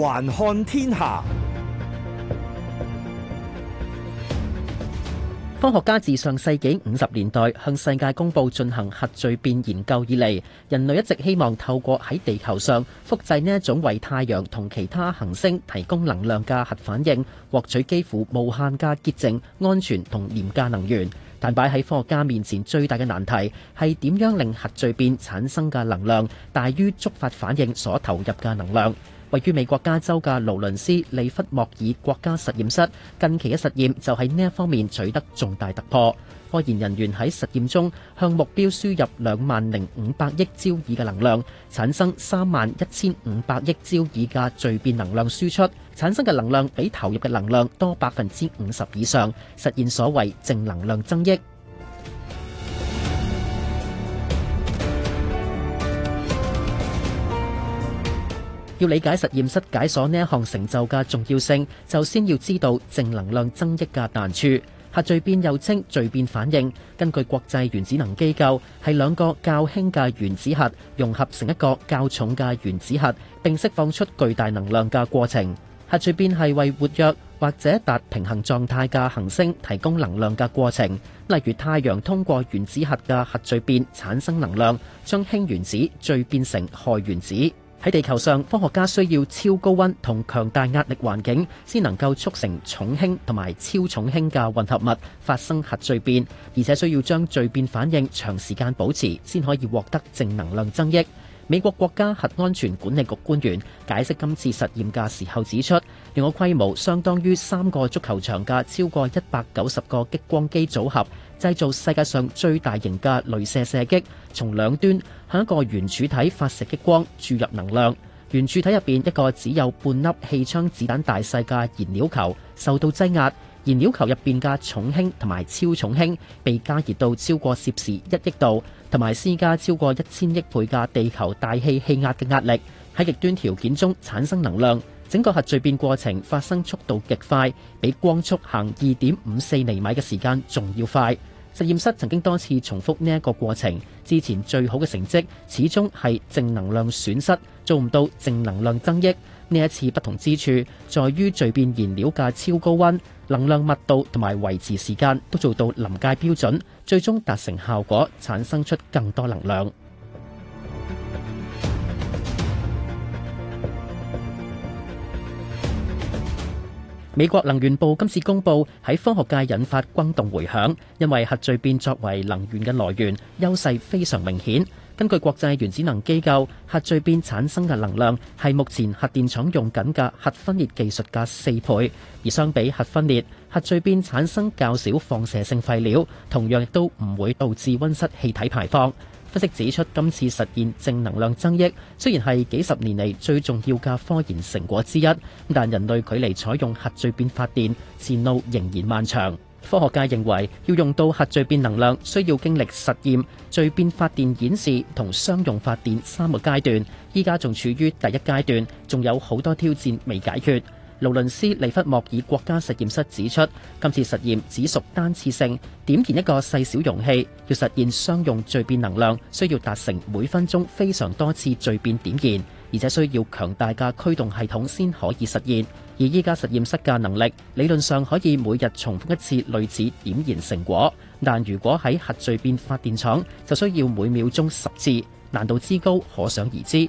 環看天下，科學家自上世紀五十年代向世界公布進行核聚變研究以嚟，人類一直希望透過喺地球上複製呢一種為太陽同其他行星提供能量嘅核反應，獲取幾乎無限嘅潔淨、安全同廉價能源。但擺喺科學家面前最大嘅難題係點樣令核聚變產生嘅能量大於觸發反應所投入嘅能量。位於美國加州嘅勞倫斯利弗莫爾國家實驗室近期嘅實驗就喺呢一方面取得重大突破。科研人員喺實驗中向目標輸入兩萬零五百億焦耳嘅能量，產生三萬一千五百億焦耳嘅聚變能量輸出，產生嘅能量比投入嘅能量多百分之五十以上，實現所謂淨能量增益。要理解實驗室解鎖呢一項成就嘅重要性，就先要知道淨能量增益嘅難處。核聚變又稱聚變反應，根據國際原子能機構，係兩個較輕嘅原子核融合成一個較重嘅原子核，並釋放出巨大能量嘅過程。核聚變係為活躍或者達平衡狀態嘅恆星提供能量嘅過程，例如太陽通過原子核嘅核聚變產生能量，將氫原子聚變成氦原子。喺地球上，科學家需要超高溫同強大壓力環境，先能夠促成重氫同埋超重氫嘅混合物發生核聚變，而且需要將聚變反應長時間保持，先可以獲得正能量增益。美國國家核安全管理局官員解釋今次實驗嘅時候指出，一個規模相當於三個足球場嘅超過一百九十個激光機組合，製造世界上最大型嘅鐳射射擊。從兩端向一個圓柱體發射激光，注入能量。圓柱體入邊一個只有半粒氣槍子彈大細嘅燃料球，受到擠壓。燃料球入邊嘅重氫同埋超重氫被加熱到超過攝氏一億度，同埋施加超過一千億倍嘅地球大氣氣壓嘅壓力，喺極端條件中產生能量。整個核聚變過程發生速度極快，比光速行二點五四厘米嘅時間仲要快。實驗室曾經多次重複呢一個過程，之前最好嘅成績始終係正能量損失，做唔到正能量增益。呢一次不同之處，在於聚變燃料嘅超高溫、能量密度同埋維持時間都做到臨界標準，最終達成效果，產生出更多能量。美國能源部今次公布喺科學界引發轟動迴響，因為核聚變作為能源嘅來源，優勢非常明顯。根據國際原子能機構，核聚變產生嘅能量係目前核電廠用緊嘅核分裂技術嘅四倍，而相比核分裂，核聚變產生較少放射性廢料，同樣亦都唔會導致溫室氣體排放。分析指出，今次實現淨能量增益雖然係幾十年嚟最重要嘅科研成果之一，但人類距離採用核聚變發電前路仍然漫長。科學家認為要用到核聚變能量，需要經歷實驗、聚變發電演示同商用發電三個階段，依家仲處於第一階段，仲有好多挑戰未解決。勞倫斯利弗莫爾國家實驗室指出，今次實驗只屬單次性，點燃一個細小容器，要實現商用聚變能量，需要達成每分鐘非常多次聚變點燃，而且需要強大嘅驅動系統先可以實現。而依家實驗室嘅能力，理論上可以每日重複一次類似點燃成果，但如果喺核聚變發電廠，就需要每秒鐘十次，難度之高可想而知。